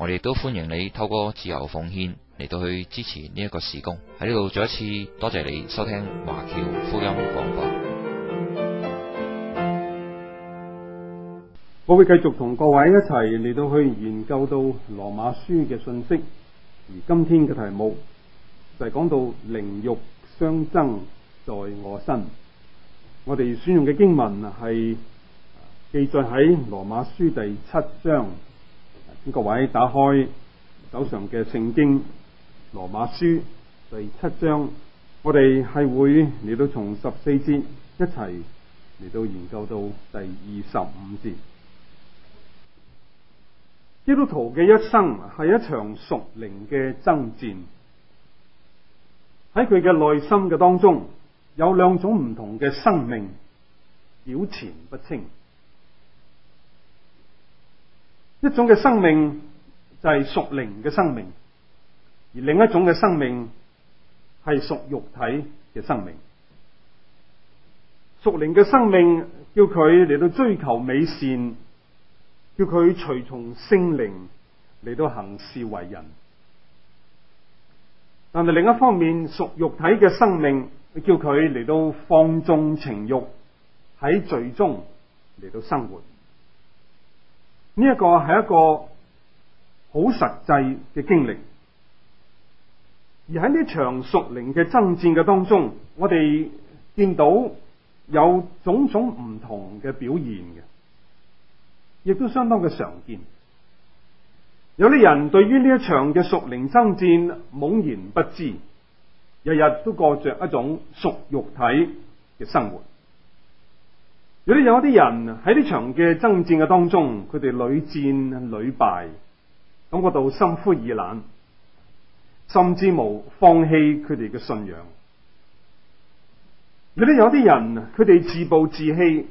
我哋都歡迎你透過自由奉獻嚟到去支持呢一個事工。喺呢度再一次多謝你收聽華僑福音廣播。法我會繼續同各位一齊嚟到去研究到羅馬書嘅信息。而今天嘅題目就係講到靈慾相爭在我身。我哋選用嘅經文係記載喺羅馬書第七章。各位打開手上嘅聖經《羅馬書》第七章，我哋係會嚟到從十四節一齊嚟到研究到第二十五節。基督徒嘅一生係一場屬靈嘅爭戰，喺佢嘅內心嘅當中有兩種唔同嘅生命，糾纏不清。一種嘅生命就係屬靈嘅生命，而另一種嘅生命係屬肉體嘅生命。屬靈嘅生命叫佢嚟到追求美善，叫佢隨從聖靈嚟到行事為人。但係另一方面，屬肉體嘅生命叫佢嚟到放縱情慾，喺罪中嚟到生活。呢一個係一個好實際嘅經歷，而喺呢場屬靈嘅爭戰嘅當中，我哋見到有種種唔同嘅表現嘅，亦都相當嘅常見。有啲人對於呢一場嘅屬靈爭戰，懵然不知，日日都過着一種屬肉體嘅生活。如果有啲人喺呢場嘅爭戰嘅當中，佢哋屢戰屢敗，感覺到心灰意冷，甚至無放棄佢哋嘅信仰。如果有啲人，佢哋自暴自棄，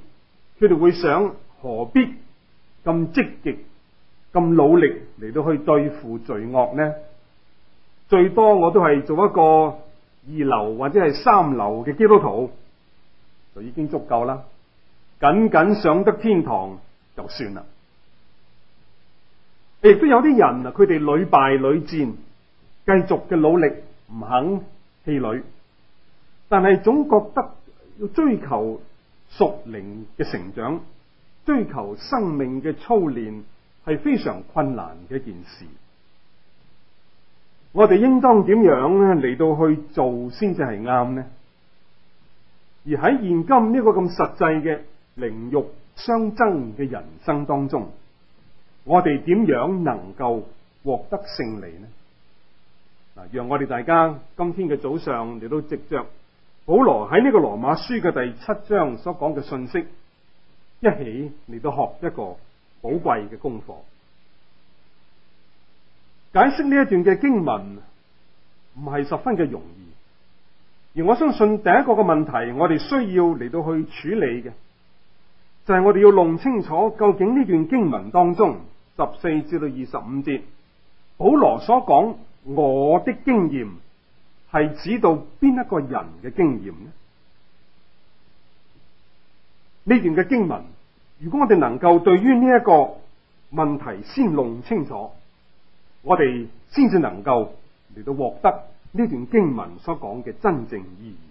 佢哋會想何必咁積極、咁努力嚟到去對付罪惡呢？最多我都係做一個二流或者係三流嘅基督徒就已經足夠啦。僅僅上得天堂就算啦。亦都有啲人啊，佢哋屢敗屢戰，繼續嘅努力唔肯氣餒，但係總覺得要追求屬靈嘅成長，追求生命嘅操練係非常困難嘅一件事。我哋應當點樣嚟到去做先至係啱呢？而喺現今呢個咁實際嘅，靈慾相爭嘅人生當中，我哋點樣能夠獲得勝利呢？啊，讓我哋大家今天嘅早上嚟到藉着保羅喺呢個羅馬書嘅第七章所講嘅信息，一起嚟到學一個寶貴嘅功課。解釋呢一段嘅經文唔係十分嘅容易，而我相信第一個嘅問題，我哋需要嚟到去處理嘅。就係我哋要弄清楚，究竟呢段經文當中十四至到二十五節，保羅所講我的經驗係指到邊一個人嘅經驗呢？呢段嘅經文，如果我哋能夠對於呢一個問題先弄清楚，我哋先至能夠嚟到獲得呢段經文所講嘅真正意義。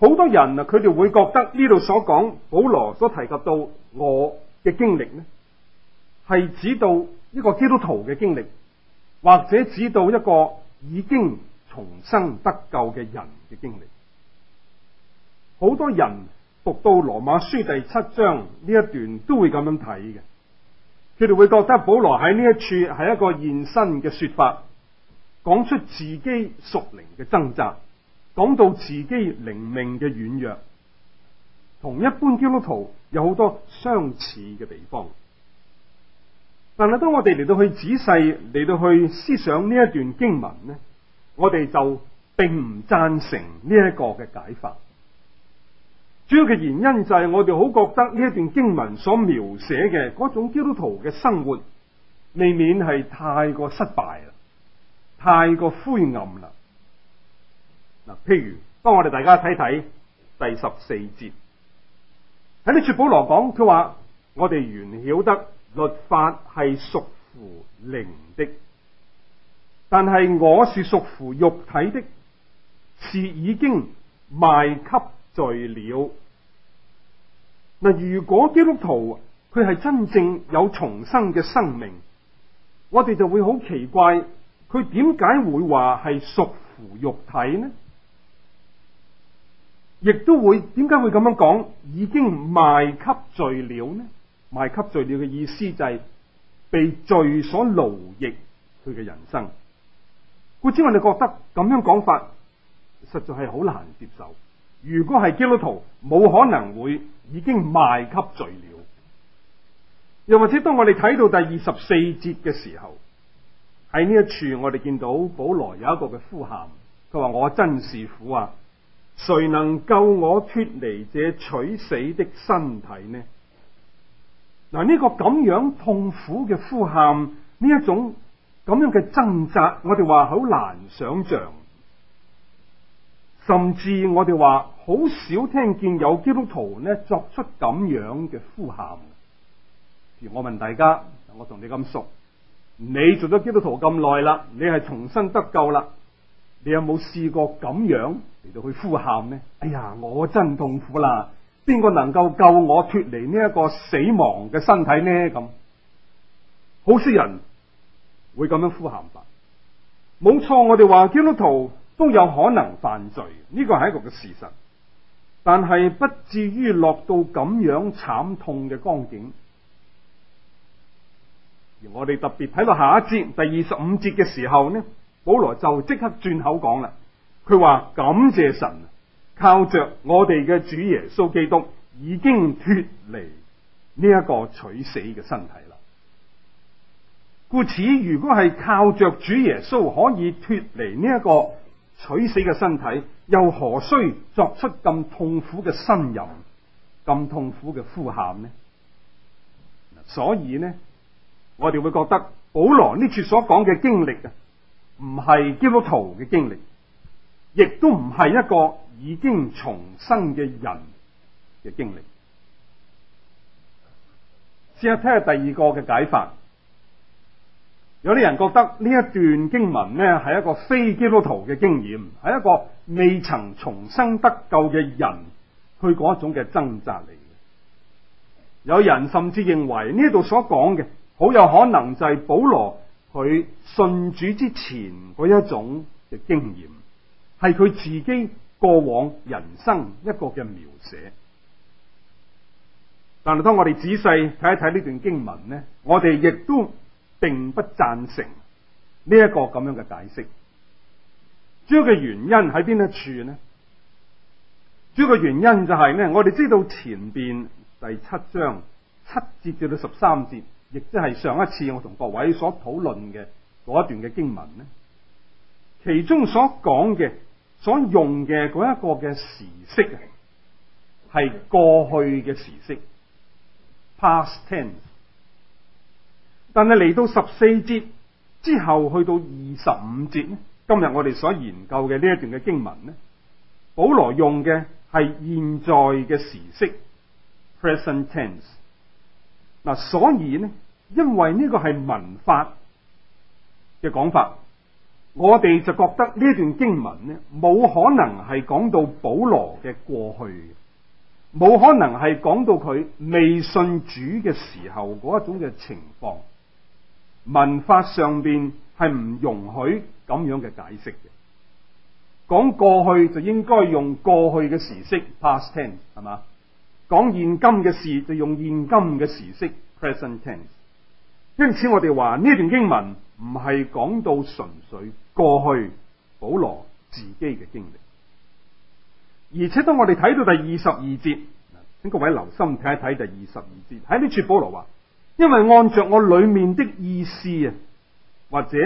好多人啊，佢哋會覺得呢度所講，保羅所提及到我嘅經歷呢，係指到一個基督徒嘅經歷，或者指到一個已經重生得救嘅人嘅經歷。好多人讀到羅馬書第七章呢一段都會咁樣睇嘅，佢哋會覺得保羅喺呢一處係一個現身嘅説法，講出自己屬靈嘅掙扎，講到自己靈命嘅軟弱，同一般基督徒有好多相似嘅地方。但係當我哋嚟到去仔細，嚟到去思想呢一段經文呢，我哋就並唔贊成呢一個嘅解法。主要嘅原因就係我哋好覺得呢一段經文所描寫嘅嗰種基督徒嘅生活，未免係太過失敗啦，太過灰暗啦。譬如，當我哋大家睇睇第十四節，喺呢處保羅講，佢話我哋原曉得律法係屬乎靈的，但係我是屬乎肉體的，是已經賣給罪了。嗱，如果基督徒佢係真正有重生嘅生命，我哋就會好奇怪，佢點解會話係屬乎肉體呢？亦都會點解會咁樣講？已經賣給罪了呢？賣給罪了嘅意思就係、是、被罪所奴役佢嘅人生。故此我哋覺得咁樣講法實在係好難接受。如果係基督徒，冇可能會已經賣給罪了。又或者當我哋睇到第二十四節嘅時候，喺呢一處我哋見到保羅有一個嘅呼喊，佢話我真是苦啊！誰能救我脫離這取死的身體呢？嗱，呢個咁樣痛苦嘅呼喊，呢一種咁樣嘅掙扎，我哋話好難想象，甚至我哋話好少聽見有基督徒呢作出咁樣嘅呼喊。而我問大家，我同你咁熟，你做咗基督徒咁耐啦，你係重生得救啦？你有冇試過咁樣嚟到去呼喊呢？哎呀，我真痛苦啦！邊個能夠救我脫離呢一個死亡嘅身體呢？咁好少人會咁樣呼喊吧？冇錯，我哋話基督徒都有可能犯罪，呢個係一個嘅事實，但係不至於落到咁樣慘痛嘅光景。而我哋特別睇到下一節第二十五節嘅時候呢？保羅就即刻轉口講啦，佢話感謝神，靠着我哋嘅主耶穌基督已經脫離呢一個取死嘅身體啦。故此，如果係靠着主耶穌可以脫離呢一個取死嘅身體，又何須作出咁痛苦嘅呻吟，咁痛苦嘅呼喊呢？所以呢，我哋會覺得保羅呢處所講嘅經歷啊。唔係基督徒嘅經歷，亦都唔係一個已經重生嘅人嘅經歷。試下聽下第二個嘅解法。有啲人覺得呢一段經文呢係一個非基督徒嘅經驗，係一個未曾重生得救嘅人去嗰一種嘅掙扎嚟嘅。有人甚至認為呢度所講嘅好有可能就係保羅。佢信主之前嗰一種嘅經驗，係佢自己過往人生一個嘅描寫。但係當我哋仔細睇一睇呢段經文咧，我哋亦都並不贊成呢一個咁樣嘅解釋。主要嘅原因喺邊一處咧？主要嘅原因就係咧，我哋知道前邊第七章七節至到十三節。亦即係上一次我同各位所討論嘅一段嘅經文咧，其中所講嘅、所用嘅一個嘅時式係過去嘅時式 （past tense） 但。但係嚟到十四節之後去到二十五節，今日我哋所研究嘅呢一段嘅經文咧，保羅用嘅係現在嘅時式 （present tense）。嗱、啊，所以呢，因為呢個係文法嘅講法，我哋就覺得呢段經文呢，冇可能係講到保羅嘅過去，冇可能係講到佢未信主嘅時候嗰一種嘅情況。文法上邊係唔容許咁樣嘅解釋嘅，講過去就應該用過去嘅時式 past tense，係嘛？講現今嘅事就用現今嘅時式 present tense。因此我哋話呢段經文唔係講到純粹過去保羅自己嘅經歷，而且當我哋睇到第二十二節，請各位留心睇一睇第二十二節，喺呢處保羅話，因為按着我裏面的意思啊，或者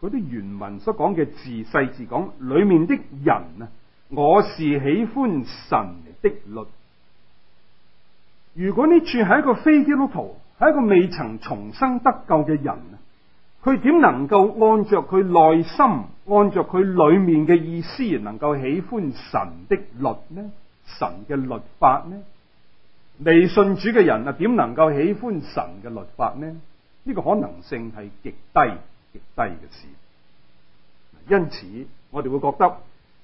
嗰啲原文所講嘅字細字講裏面的人啊，我是喜歡神的律。如果呢處係一個非基督徒，係一個未曾重生得救嘅人，佢點能夠按著佢內心、按著佢裏面嘅意思而能夠喜歡神的律呢？神嘅律法呢？未信主嘅人啊，點能夠喜歡神嘅律法呢？呢個可能性係極低、極低嘅事。因此，我哋會覺得。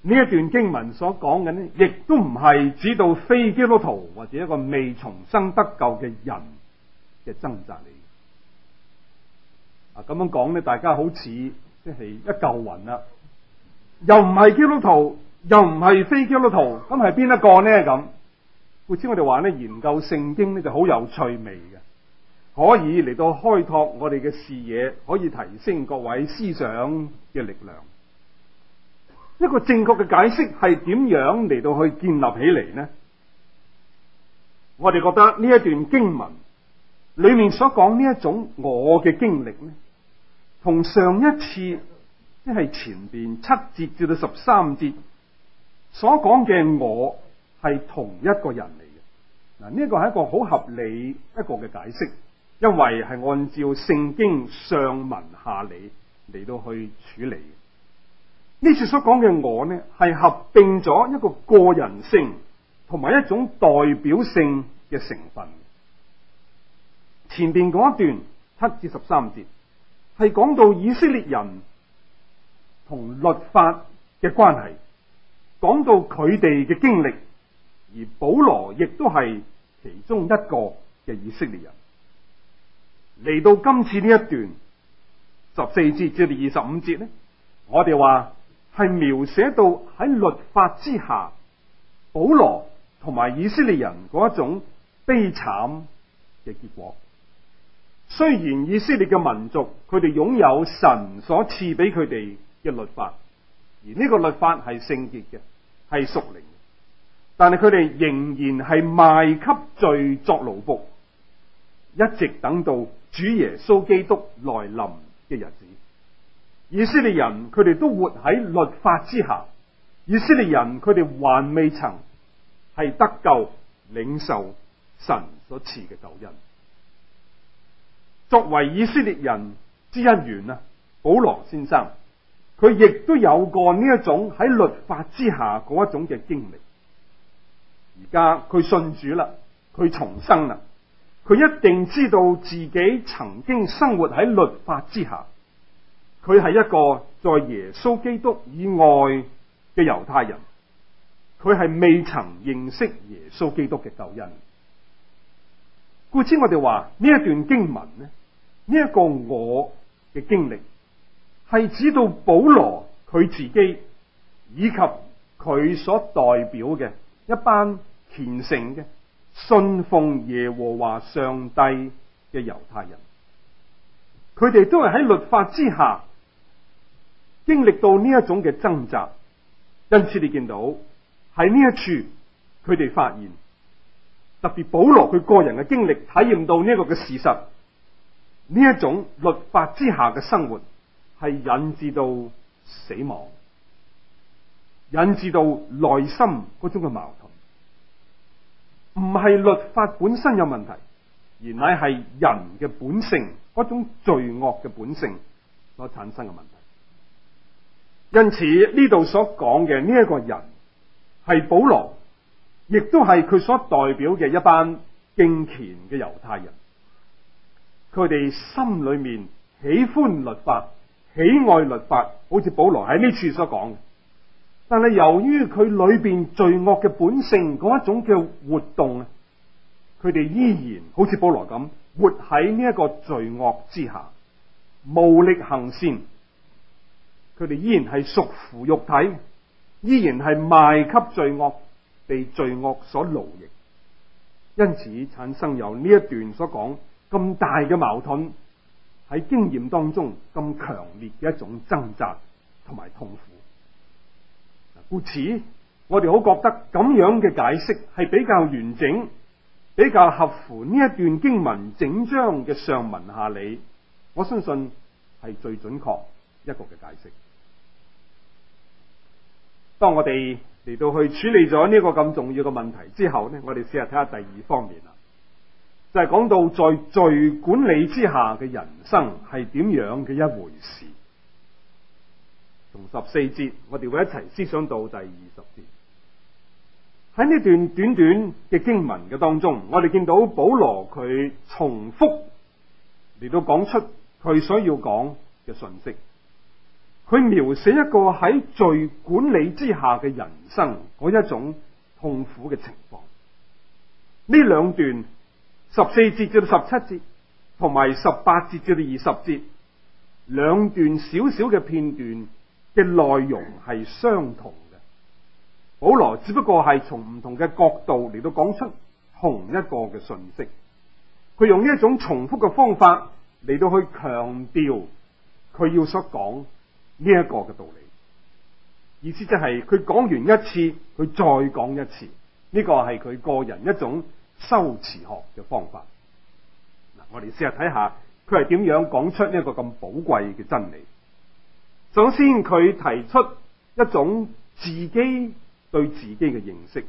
呢一段經文所講嘅呢，亦都唔係指到非基督徒或者一個未重生得救嘅人嘅掙扎嚟。啊，咁樣講呢，大家好似即係一嚿雲啦，又唔係基督徒，又唔係非基督徒，咁係邊一個呢？咁，故此我哋話呢，研究聖經呢，就好有趣味嘅，可以嚟到開拓我哋嘅視野，可以提升各位思想嘅力量。一個正確嘅解釋係點樣嚟到去建立起嚟呢？我哋覺得呢一段經文裏面所講呢一種我嘅經歷呢，同上一次即係、就是、前邊七節至到十三節所講嘅我係同一個人嚟嘅。嗱，呢一個係一個好合理一個嘅解釋，因為係按照聖經上文下理嚟到去處理。呢次所講嘅我呢，係合併咗一個個人性同埋一種代表性嘅成分。前邊嗰一段七至十三節係講到以色列人同律法嘅關係，講到佢哋嘅經歷，而保羅亦都係其中一個嘅以色列人。嚟到今次呢一段十四節至二十五節呢，我哋話。係描寫到喺律法之下，保羅同埋以色列人嗰一種悲慘嘅結果。雖然以色列嘅民族，佢哋擁有神所賜俾佢哋嘅律法，而呢個律法係聖潔嘅，係屬靈，但係佢哋仍然係賣給罪作奴僕，一直等到主耶穌基督來臨嘅日子。以色列人佢哋都活喺律法之下，以色列人佢哋還未曾係得救，領受神所賜嘅救恩。作為以色列人之一員啊，保羅先生，佢亦都有過呢一種喺律法之下嗰一種嘅經歷。而家佢信主啦，佢重生啦，佢一定知道自己曾經生活喺律法之下。佢係一個在耶穌基督以外嘅猶太人，佢係未曾認識耶穌基督嘅救恩，故此我哋話呢一段經文呢，呢一個我嘅經歷係指到保羅佢自己以及佢所代表嘅一班虔誠嘅信奉耶和華上帝嘅猶太人，佢哋都係喺律法之下。經歷到呢一種嘅掙扎，因此你見到喺呢一處，佢哋發現特別保羅佢個人嘅經歷，體驗到呢一個嘅事實，呢一種律法之下嘅生活係引致到死亡，引致到內心嗰種嘅矛盾，唔係律法本身有問題，而乃係人嘅本性嗰種罪惡嘅本性所產生嘅問題。因此呢度所講嘅呢一個人係保羅，亦都係佢所代表嘅一班敬虔嘅猶太人。佢哋心裏面喜歡律法，喜愛律法，好似保羅喺呢處所講嘅。但係由於佢裏邊罪惡嘅本性嗰一種嘅活動，佢哋依然好似保羅咁活喺呢一個罪惡之下，無力行善。佢哋依然係屬乎肉體，依然係賣給罪惡，被罪惡所奴役，因此產生由呢一段所講咁大嘅矛盾，喺經驗當中咁強烈嘅一種掙扎同埋痛苦。故此，我哋好覺得咁樣嘅解釋係比較完整，比較合乎呢一段經文整章嘅上文下理，我相信係最準確一個嘅解釋。當我哋嚟到去處理咗呢個咁重要嘅問題之後呢，我哋試下睇下第二方面啦，就係講到在罪管理之下嘅人生係點樣嘅一回事。從十四節，我哋會一齊思想到第二十節。喺呢段短短嘅經文嘅當中，我哋見到保羅佢重複嚟到講出佢所要講嘅信息。佢描寫一個喺罪管理之下嘅人生嗰一種痛苦嘅情況。呢兩段十四節至到十七節，同埋十八節至到二十節，兩段小小嘅片段嘅內容係相同嘅。保羅只不過係從唔同嘅角度嚟到講出同一個嘅訊息。佢用呢一種重複嘅方法嚟到去強調佢要所講。呢一個嘅道理，意思就係佢講完一次，佢再講一次，呢、這個係佢個人一種修辭學嘅方法。嗱，我哋試，試下睇下佢係點樣講出呢一個咁寶貴嘅真理。首先，佢提出一種自己對自己嘅認識，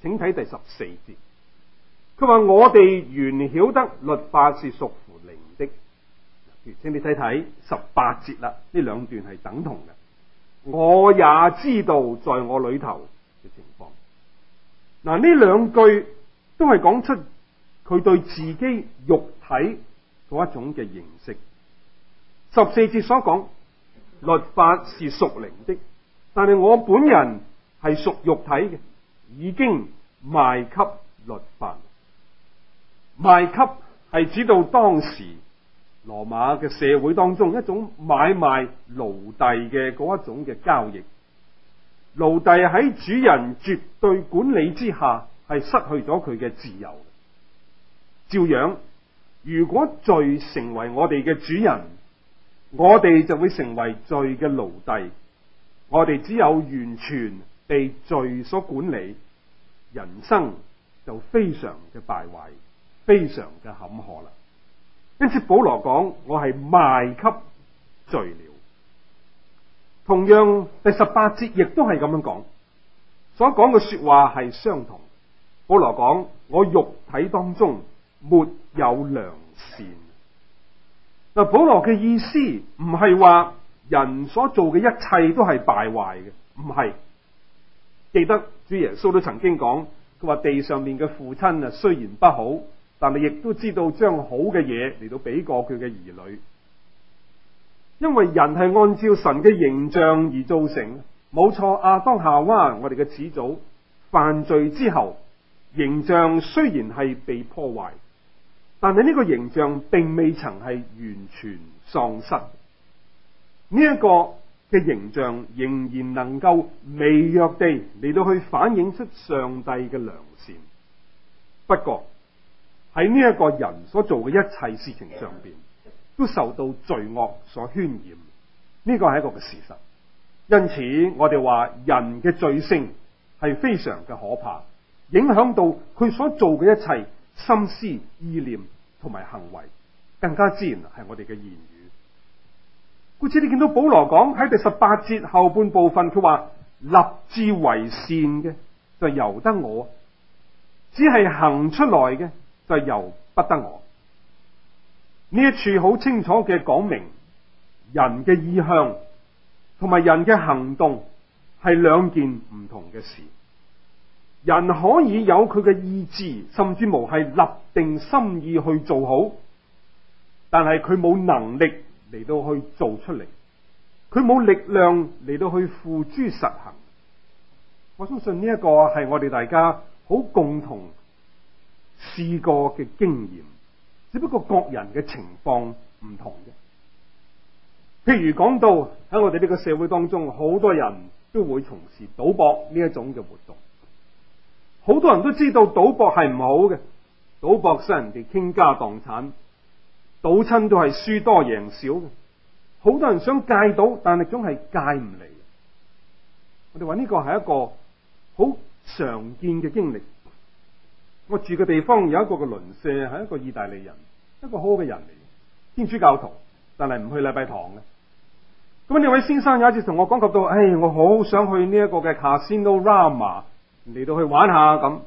請睇第十四節，佢話，我哋原曉得律法是屬。請你睇睇十八節啦，呢兩段係等同嘅。我也知道在我裏頭嘅情況。嗱，呢兩句都係講出佢對自己肉體嗰一種嘅認識。十四節所講，律法是屬靈的，但係我本人係屬肉體嘅，已經賣給律法。賣給係指到當時。羅馬嘅社會當中一種買賣奴隸嘅一種嘅交易，奴隸喺主人絕對管理之下係失去咗佢嘅自由。照樣，如果罪成為我哋嘅主人，我哋就會成為罪嘅奴隸，我哋只有完全被罪所管理，人生就非常嘅敗壞，非常嘅坎坷啦。因此保羅講，我係賣給罪了。同樣第十八節亦都係咁樣講，所講嘅說話係相同。保羅講，我肉體當中沒有良善。嗱，保羅嘅意思唔係話人所做嘅一切都係敗壞嘅，唔係。記得主耶穌都曾經講，佢話地上面嘅父親啊雖然不好。但係，亦都知道將好嘅嘢嚟到俾過佢嘅兒女，因為人係按照神嘅形象而造成，冇錯。亞、啊、當夏娃、啊，我哋嘅始祖犯罪之後，形象雖然係被破壞，但係呢個形象並未曾係完全喪失。呢、呢、一個嘅形象仍然能夠微弱地嚟到去反映出上帝嘅良善，不過。喺呢一個人所做嘅一切事情上邊，都受到罪惡所渲染。呢個係一個事實，因此我哋話人嘅罪性係非常嘅可怕，影響到佢所做嘅一切心思意念同埋行為，更加自然係我哋嘅言語。故此，你見到保羅講喺第十八節後半部分，佢話立志為善嘅就係，由得我，只係行出來嘅，就由不得我。呢一處好清楚嘅講明，人嘅意向同埋人嘅行動係兩件唔同嘅事。人可以有佢嘅意志，甚至無係立定心意去做好，但係佢冇能力嚟到去做出嚟，佢冇力量嚟到去付諸實行。我相信呢一個係我哋大家好共同試過嘅經驗，只不過各人嘅情況唔同嘅。譬如講到喺我哋呢個社會當中，好多人都會從事賭博呢一種嘅活動。好多人都知道賭博係唔好嘅，賭博使人哋傾家蕩產，賭親都係輸多贏少嘅。好多人想戒賭，但係總係戒唔嚟。我哋話呢個係一個好常見嘅經歷。我住嘅地方有一個嘅鄰舍係一個意大利人，一個好嘅人嚟，天主教徒，但係唔去禮拜堂嘅。咁呢位先生有一次同我講及到，唉、哎，我好想去呢一個嘅 Casino Rama 嚟到去玩下咁。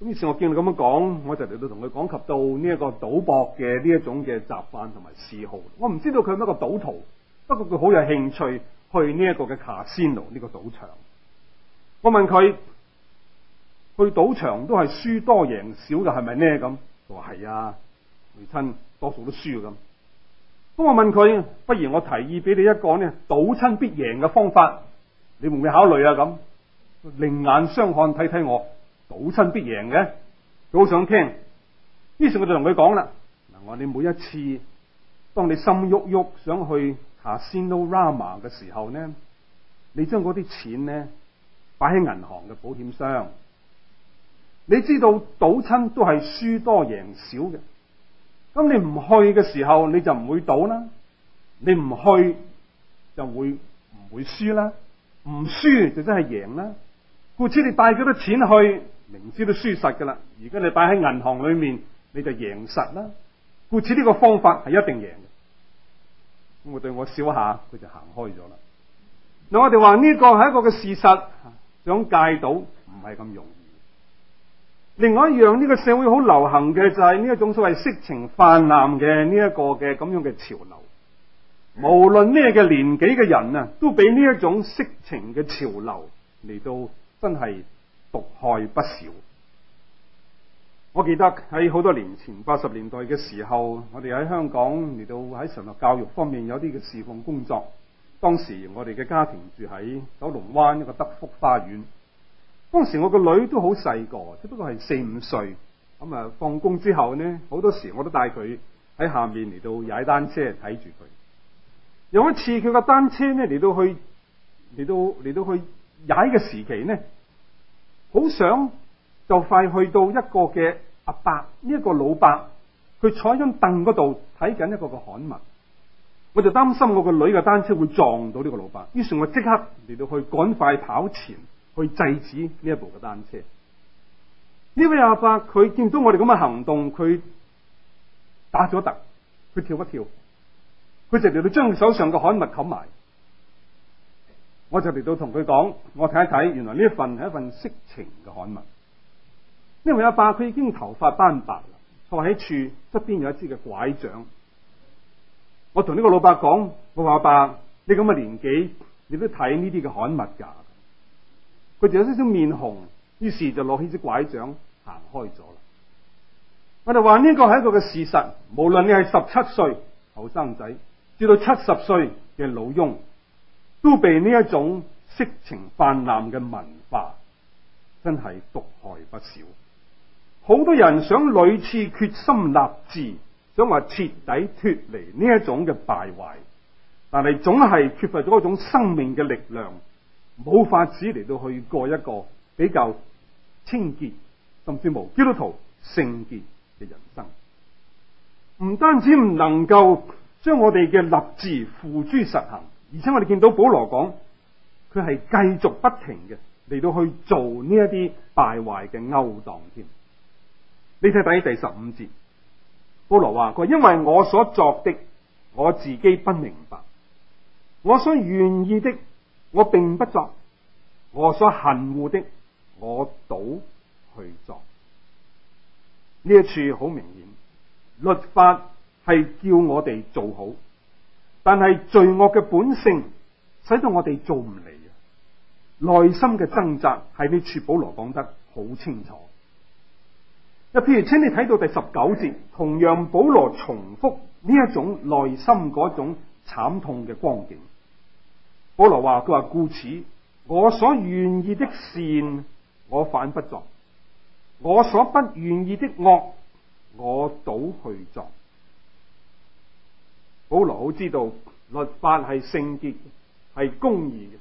咁於是我見到咁樣講，我就嚟到同佢講及到呢一個賭博嘅呢一種嘅習慣同埋嗜好。我唔知道佢係乜個賭徒，不過佢好有興趣去呢一個嘅 Casino 呢個賭場。我問佢。去賭場都係輸多贏少嘅，係咪呢咁？佢話係啊，回親多數都輸咁。咁我問佢，不如我提議俾你一個呢賭親必贏嘅方法，你會唔會考慮啊？咁另眼相看睇睇我賭親必贏嘅，佢好想聽。於是我就同佢講啦：嗱，我話你每一次當你心喐喐想去下 Casino Rama 嘅時候呢，你將嗰啲錢呢擺喺銀行嘅保險箱。你知道賭親都係輸多贏少嘅，咁你唔去嘅時候你就唔會賭啦，你唔去就會唔會輸啦，唔輸就真係贏啦。故此你帶幾多錢去，明知都輸實噶啦。而家你擺喺銀行裏面，你就贏實啦。故此呢個方法係一定贏嘅。咁我對我笑下，佢就行開咗啦。嗱，我哋話呢個係一個嘅事實，想戒賭唔係咁容易。另外一樣，呢、這個社會好流行嘅就係呢一種所謂色情泛濫嘅呢一個嘅咁樣嘅潮流。無論咩嘅年紀嘅人啊，都俾呢一種色情嘅潮流嚟到真係毒害不少。我記得喺好多年前八十年代嘅時候，我哋喺香港嚟到喺神學教育方面有啲嘅事奉工作。當時我哋嘅家庭住喺九龍灣一個德福花園。當時我個女都好細個，只不過係四五歲。咁啊，放工之後呢，好多時我都帶佢喺下面嚟到踩單車，睇住佢。有一次佢個單車呢嚟到去嚟到嚟到去踩嘅時期呢，好想就快去到一個嘅阿伯呢一個老伯，佢坐喺張凳嗰度睇緊一個嘅刊物。我就擔心我個女嘅單車會撞到呢個老伯，於是我即刻嚟到去趕快跑前。去制止呢一部嘅單車。呢位阿伯佢見到我哋咁嘅行動，佢打咗突，佢跳一跳，佢直嚟到將手上嘅刊物冚埋。我就嚟到同佢講，我睇一睇，原來呢一份係一份色情嘅刊物。呢位阿伯佢已經頭髮斑白啦，坐喺處側邊有一支嘅拐杖。我同呢個老伯講，我話阿伯，你咁嘅年紀，你都睇呢啲嘅刊物㗎？佢就有少少面紅，於是就攞起隻拐杖行開咗啦。我哋話呢個係一個嘅事實，無論你係十七歲後生仔，至到七十歲嘅老翁，都被呢一種色情泛濫嘅文化真係毒害不少。好多人想屢次決心立志，想話徹底脫離呢一種嘅敗壞，但係總係缺乏咗一種生命嘅力量。冇法子，嚟到去過一個比較清潔甚至乎基督徒聖潔嘅人生，唔單止唔能夠將我哋嘅立志付諸實行，而且我哋見到保羅講，佢係繼續不停嘅嚟到去做呢一啲敗壞嘅勾當添。你睇睇第十五節，保羅話佢因為我所作的我自己不明白，我所願意的。我並不作我所恨惡的，我倒去作。呢一處好明顯，律法係叫我哋做好，但係罪惡嘅本性使到我哋做唔嚟啊！內心嘅掙扎，係呢處保羅講得好清楚。又譬如，請你睇到第十九節，同樣保羅重複呢一種內心嗰種慘痛嘅光景。保羅話，佢話，故此，我所願意的善，我反不作；我所不願意的惡，我倒去作。保羅好知道律法係聖潔嘅，係公義嘅，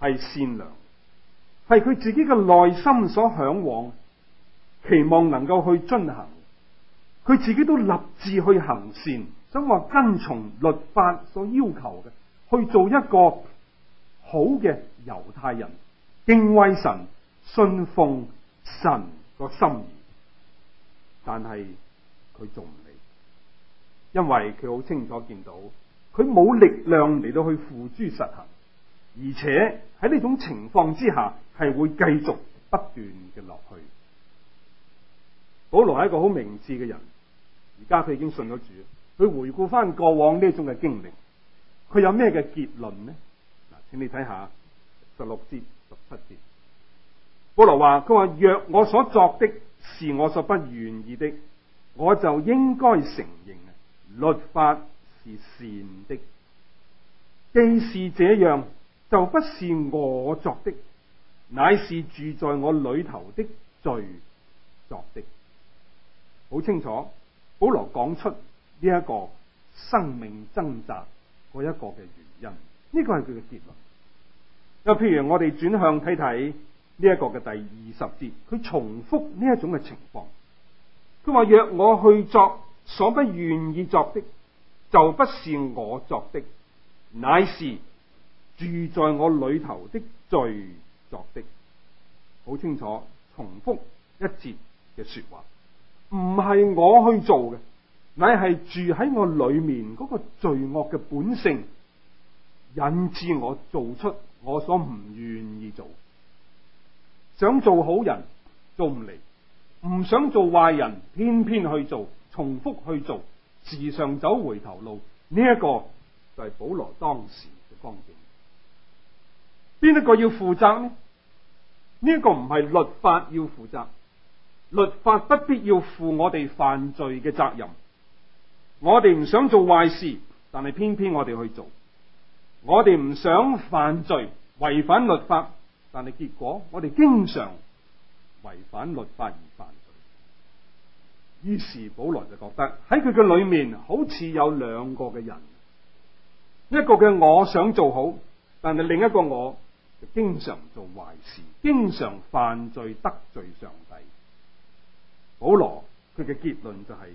係善良，係佢自己嘅內心所向往，期望能夠去遵行。佢自己都立志去行善，想話跟從律法所要求嘅，去做一個。好嘅猶太人敬畏神，信奉神個心意，但係佢做唔嚟，因為佢好清楚見到佢冇力量嚟到去付諸實行，而且喺呢種情況之下係會繼續不斷嘅落去。保羅係一個好明智嘅人，而家佢已經信咗主，佢回顧返過往呢種嘅經歷，佢有咩嘅結論呢？請你睇下十六節、十七節，保羅話：佢話若我所作的是我所不願意的，我就應該承認，律法是善的，既是這樣，就不是我作的，乃是住在我裏頭的罪作的。好清楚，保羅講出呢一個生命掙扎嗰一個嘅原因。呢個係佢嘅結論。又譬如我哋轉向睇睇呢一個嘅第二十節，佢重複呢一種嘅情況。佢話，若我去作所不願意作的，就不是我作的，乃是住在我裡頭的罪作的。好清楚，重複一節嘅說話，唔係我去做嘅，乃係住喺我裡面個罪惡嘅本性。引致我做出我所唔願意做，想做好人做唔嚟，唔想做壞人，偏偏去做，重複去做，時常走回頭路。呢一個就係保羅當時嘅光景。邊一個要負責呢？呢一個唔係律法要負責，律法不必要負我哋犯罪嘅責任。我哋唔想做壞事，但係偏偏我哋去做。我哋唔想犯罪、違反律法，但係結果我哋經常違反律法而犯罪。於是保羅就覺得喺佢嘅裏面好似有兩個嘅人，一個嘅我想做好，但係另一個我就經常做壞事，經常犯罪，得罪上帝。保羅佢嘅結論就係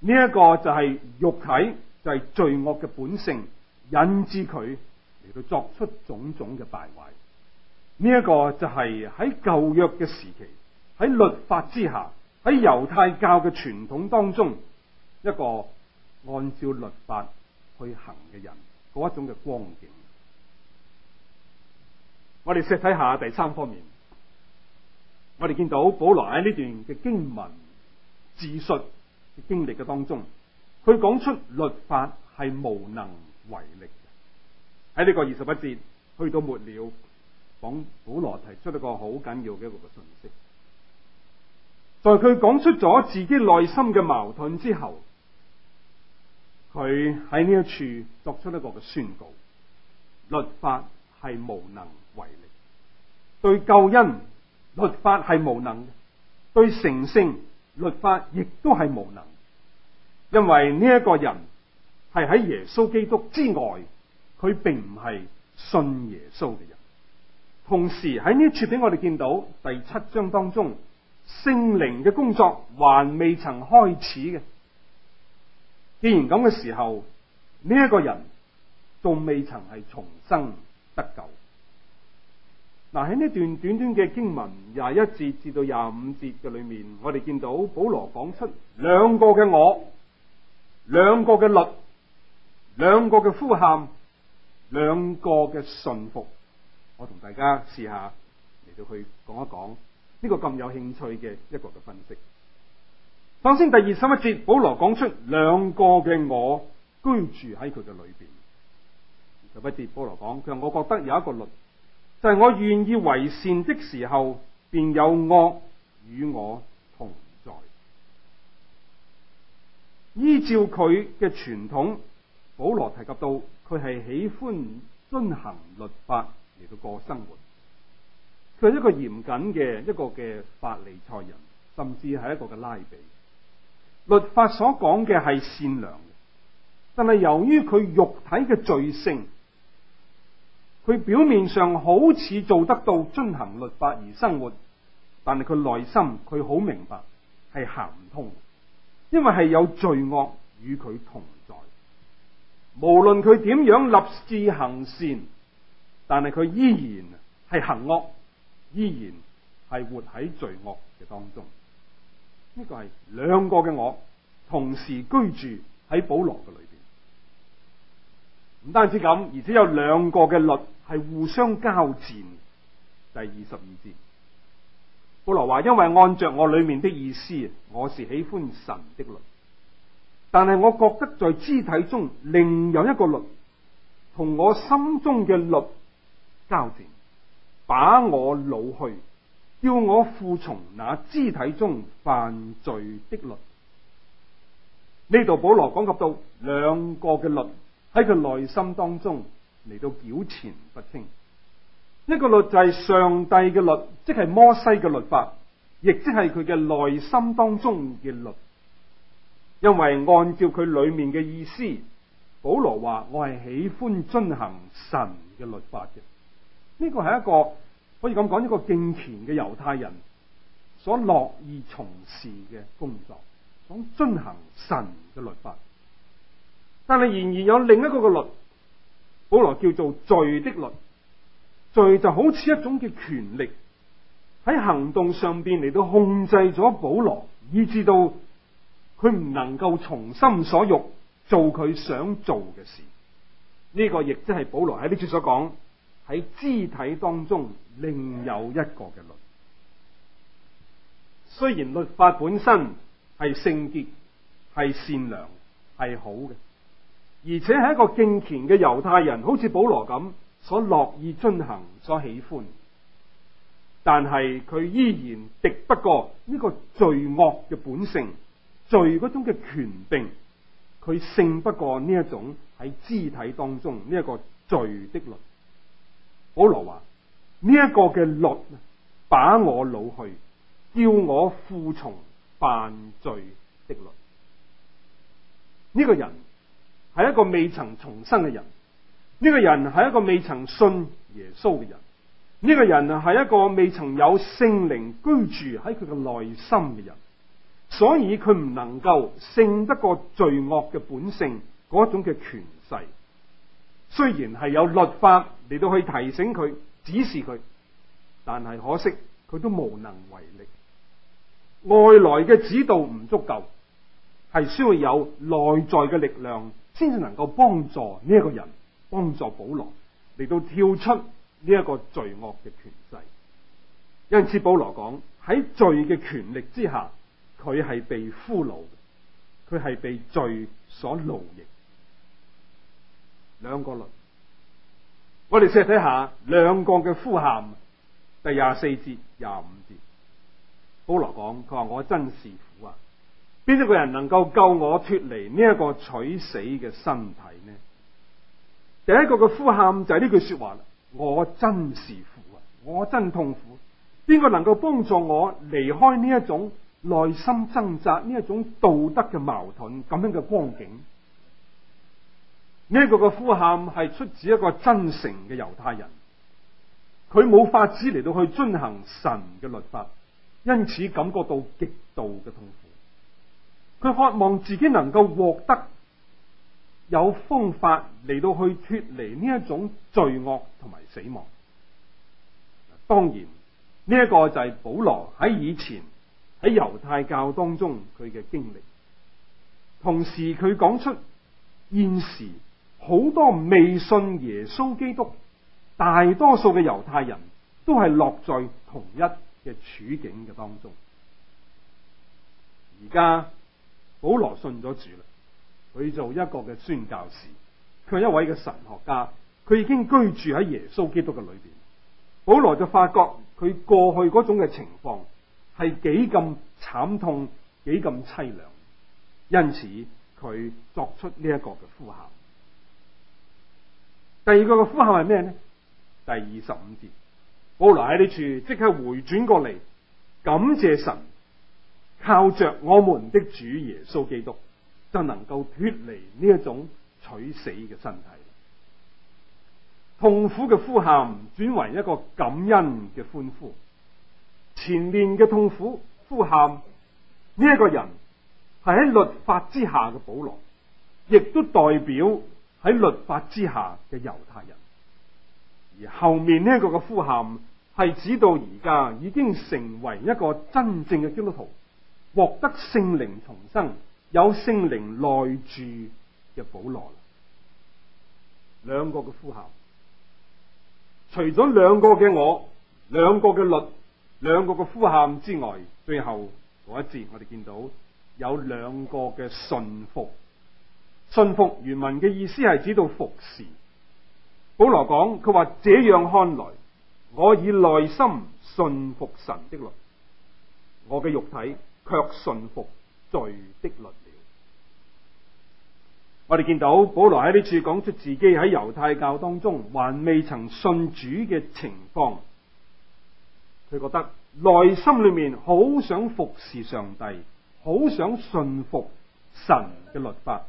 呢一個就係肉體，就係、是、罪惡嘅本性。引致佢嚟到作出種種嘅敗壞，呢一個就係喺舊約嘅時期，喺律法之下，喺猶太教嘅傳統當中，一個按照律法去行嘅人一種嘅光景。我哋再睇下第三方面，我哋見到保羅喺呢段嘅經文自述經歷嘅當中，佢講出律法係無能為力，喺呢個二十一節去到末了，講保羅提出一個好緊要嘅一個信息。在佢講出咗自己內心嘅矛盾之後，佢喺呢一處作出一個嘅宣告：律法係無能為力，對救恩，律法係無能，對成聖，律法亦都係無能，因為呢一個人係喺耶穌基督之外，佢並唔係信耶穌嘅人。同時喺呢處俾我哋見到第七章當中，聖靈嘅工作還未曾開始嘅。既然咁嘅時候，呢一個人仲未曾係重生得救。嗱，喺呢段短短嘅經文廿一節至到廿五節嘅裏面，我哋見到保羅講出兩個嘅我，兩個嘅律。兩個嘅呼喊，兩個嘅信服，我同大家試下嚟到去講一講呢、這個咁有興趣嘅一個嘅分析。首先第二十一節，保羅講出兩個嘅我居住喺佢嘅裏邊。就不止保羅講，佢話我覺得有一個律，就係、是、我願意為善的時候，便有惡與我同在。依照佢嘅傳統。保羅提及到，佢係喜歡遵行律法嚟到過生活，佢係一個嚴謹嘅一個嘅法利賽人，甚至係一個嘅拉比。律法所講嘅係善良嘅，但係由於佢肉體嘅罪性，佢表面上好似做得到遵行律法而生活，但係佢內心佢好明白係行唔通，因為係有罪惡與佢同。無論佢點樣立志行善，但係佢依然係行惡，依然係活喺罪惡嘅當中。呢個係兩個嘅我同時居住喺保羅嘅裏邊。唔單止咁，而且有兩個嘅律係互相交戰。第二十二節，保羅話：因為按著我裏面的意思，我是喜歡神的律。但係我覺得在肢體中另有一個律，同我心中嘅律交戰，把我擄去，叫我服從那肢體中犯罪的律。呢度保羅講及到兩個嘅律喺佢內心當中嚟到糾纏不清。一個律就係上帝嘅律，即係摩西嘅律法，亦即係佢嘅內心當中嘅律。因為按照佢裏面嘅意思，保羅話我係喜歡遵行神嘅律法嘅。呢個係一個可以咁講一個敬虔嘅猶太人所樂意從事嘅工作，想遵行神嘅律法。但係仍然有另一個嘅律，保羅叫做罪的律。罪就好似一種嘅權力喺行動上邊嚟到控制咗保羅，以至到。佢唔能夠從心所欲做佢想做嘅事，呢個亦即係保羅喺呢處所講喺肢體當中另有一個嘅律。雖然律法本身係聖潔、係善良、係好嘅，而且係一個敬虔嘅猶太人，好似保羅咁所樂意遵行、所喜歡，但係佢依然敵不過呢個罪惡嘅本性。罪嗰種嘅權柄，佢勝不過呢一種喺肢體當中呢一、這個罪的律。保羅話：呢、這、一個嘅律，把我擄去，叫我服從犯罪的律。呢、這個人係一個未曾重生嘅人，呢、這個人係一個未曾信耶穌嘅人，呢、這個人係一個未曾有聖靈居住喺佢嘅內心嘅人。所以佢唔能夠勝得過罪惡嘅本性一種嘅權勢。雖然係有律法嚟，到可以提醒佢、指示佢，但係可惜佢都無能為力。外來嘅指導唔足夠，係需要有內在嘅力量，先至能夠幫助呢一個人，幫助保羅嚟到跳出呢一個罪惡嘅權勢。因此保羅講喺罪嘅權力之下。佢係被俘虜，佢係被罪所奴役，兩個律。我哋試睇下兩個嘅呼喊，第二十四節、廿五節，保羅講，佢話我真是苦啊！邊一個人能夠救我脱離呢一個取死嘅身體呢？第一個嘅呼喊就係呢句說話：我真是苦啊！我真痛苦，邊個能夠幫助我離開呢一種？內心掙扎呢一種道德嘅矛盾，咁樣嘅光景，呢一個嘅呼喊係出自一個真誠嘅猶太人，佢冇法子嚟到去遵行神嘅律法，因此感覺到極度嘅痛苦。佢渴望自己能夠獲得有方法嚟到去脱離呢一種罪惡同埋死亡。當然呢一個就係保羅喺以前。喺猶太教當中，佢嘅經歷，同時佢講出現時好多未信耶穌基督，大多數嘅猶太人都係落在同一嘅處境嘅當中。而家保羅信咗主啦，佢做一個嘅宣教士，佢係一位嘅神學家，佢已經居住喺耶穌基督嘅裏邊。保羅就發覺佢過去嗰種嘅情況。係幾咁慘痛，幾咁淒涼，因此佢作出呢一個嘅呼喊。第二個嘅呼喊係咩咧？第二十五節，我嚟，喺呢處，即刻回轉過嚟，感謝神，靠着我們的主耶穌基督，就能夠脫離呢一種取死嘅身體。痛苦嘅呼喊轉為一個感恩嘅歡呼。前面嘅痛苦呼喊，呢、這、一個人係喺律法之下嘅保羅，亦都代表喺律法之下嘅猶太人。而後面呢一個嘅呼喊，係指到而家已經成為一個真正嘅基督徒，獲得聖靈重生，有聖靈內住嘅保羅。兩個嘅呼喊，除咗兩個嘅我，兩個嘅律。兩個嘅呼喊之外，最後嗰一節我哋見到有兩個嘅信服，信服原文嘅意思係指到服侍。保羅講佢話，這樣看來，我以內心信服神的律，我嘅肉體卻信服罪的律了。我哋見到保羅喺呢處講出自己喺猶太教當中還未曾信主嘅情況。佢覺得內心裏面好想服侍上帝，好想信服神嘅律法，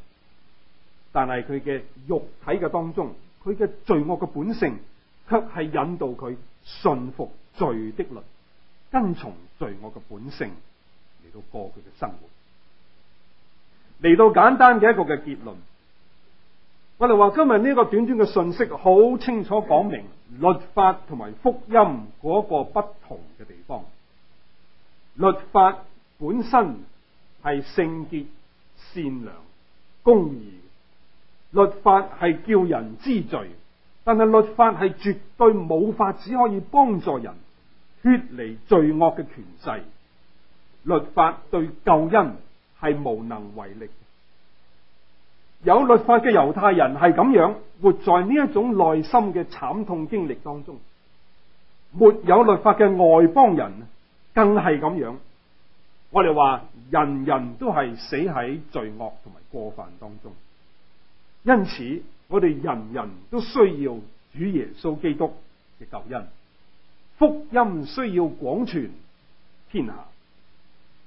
但係佢嘅肉體嘅當中，佢嘅罪惡嘅本性，卻係引導佢信服罪的律，跟從罪惡嘅本性嚟到過佢嘅生活，嚟到簡單嘅一個嘅結論。我哋話今日呢個短短嘅信息好清楚講明律法同埋福音嗰個不同嘅地方。律法本身係聖潔、善良、公義。律法係叫人知罪，但係律法係絕對冇法子可以幫助人脫離罪惡嘅權勢。律法對救恩係無能為力。有律法嘅猶太人係咁樣活在呢一種內心嘅慘痛經歷當中，沒有律法嘅外邦人更係咁樣。我哋話人人都係死喺罪惡同埋過犯當中，因此我哋人人都需要主耶穌基督嘅救恩，福音需要廣傳天下。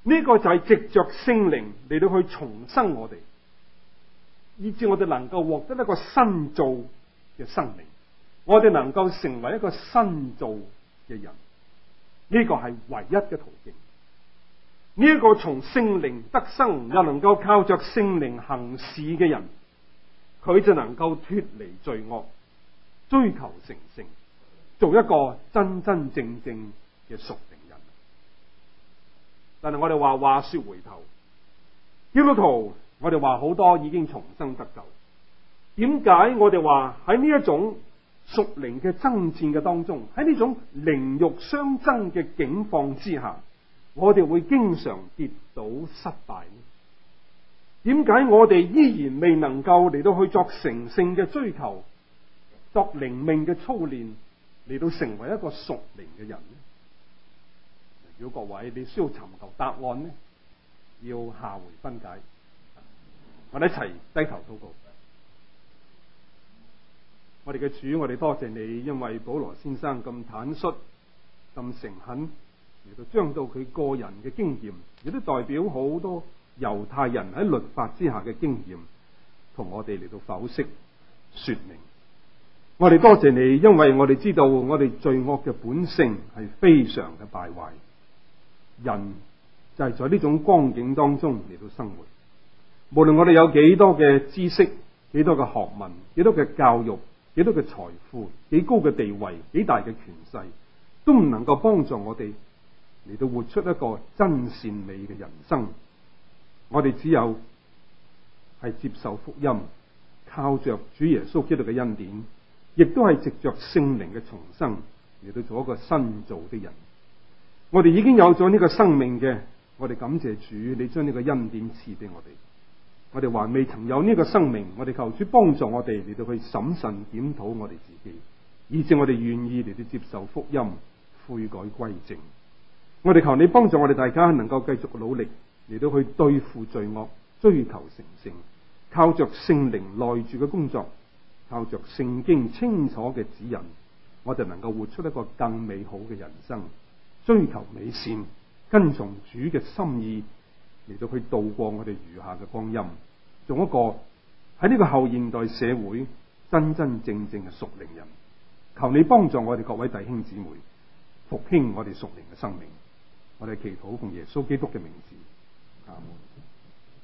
呢個就係藉着聖靈嚟到去重生我哋。以至我哋能夠獲得一個新造嘅生命，我哋能夠成為一個新造嘅人，呢個係唯一嘅途徑。呢一個從聖靈得生又能夠靠着聖靈行事嘅人，佢就能夠脫離罪惡，追求成聖，做一個真真正正嘅屬靈人。但係我哋話，話說回頭，基督徒。我哋話好多已經重生得救，點解我哋話喺呢一種屬靈嘅爭戰嘅當中，喺呢種靈慾相爭嘅境況之下，我哋會經常跌倒失敗呢？點解我哋依然未能夠嚟到去作成聖嘅追求，作靈命嘅操練，嚟到成為一個屬靈嘅人呢？如果各位你需要尋求答案呢，要下回分解。我哋一齊低頭禱告。我哋嘅主，我哋多謝你，因為保羅先生咁坦率、咁誠懇，嚟到將到佢個人嘅經驗，亦都代表好多猶太人喺律法之下嘅經驗，同我哋嚟到剖析、說明。我哋多謝你，因為我哋知道我哋罪惡嘅本性係非常嘅敗壞，人就係在呢種光景當中嚟到生活。無論我哋有幾多嘅知識、幾多嘅學問、幾多嘅教育、幾多嘅財富、幾高嘅地位、幾大嘅權勢，都唔能夠幫助我哋嚟到活出一個真善美嘅人生。我哋只有係接受福音，靠着主耶穌基督嘅恩典，亦都係藉着聖靈嘅重生嚟到做一個新造的人。我哋已經有咗呢個生命嘅，我哋感謝主，你將呢個恩典賜俾我哋。我哋還未曾有呢個生命，我哋求主幫助我哋嚟到去審慎檢討我哋自己，以至我哋願意嚟到接受福音、悔改歸正。我哋求你幫助我哋大家能夠繼續努力嚟到去對付罪惡、追求成聖，靠着聖靈內住嘅工作，靠着聖經清楚嘅指引，我哋能夠活出一個更美好嘅人生，追求美善，跟從主嘅心意。嚟到去度過我哋餘下嘅光陰，做一個喺呢個後現代社會真真正正嘅屬靈人，求你幫助我哋各位弟兄姊妹復興我哋屬靈嘅生命，我哋祈禱同耶穌基督嘅名字啊。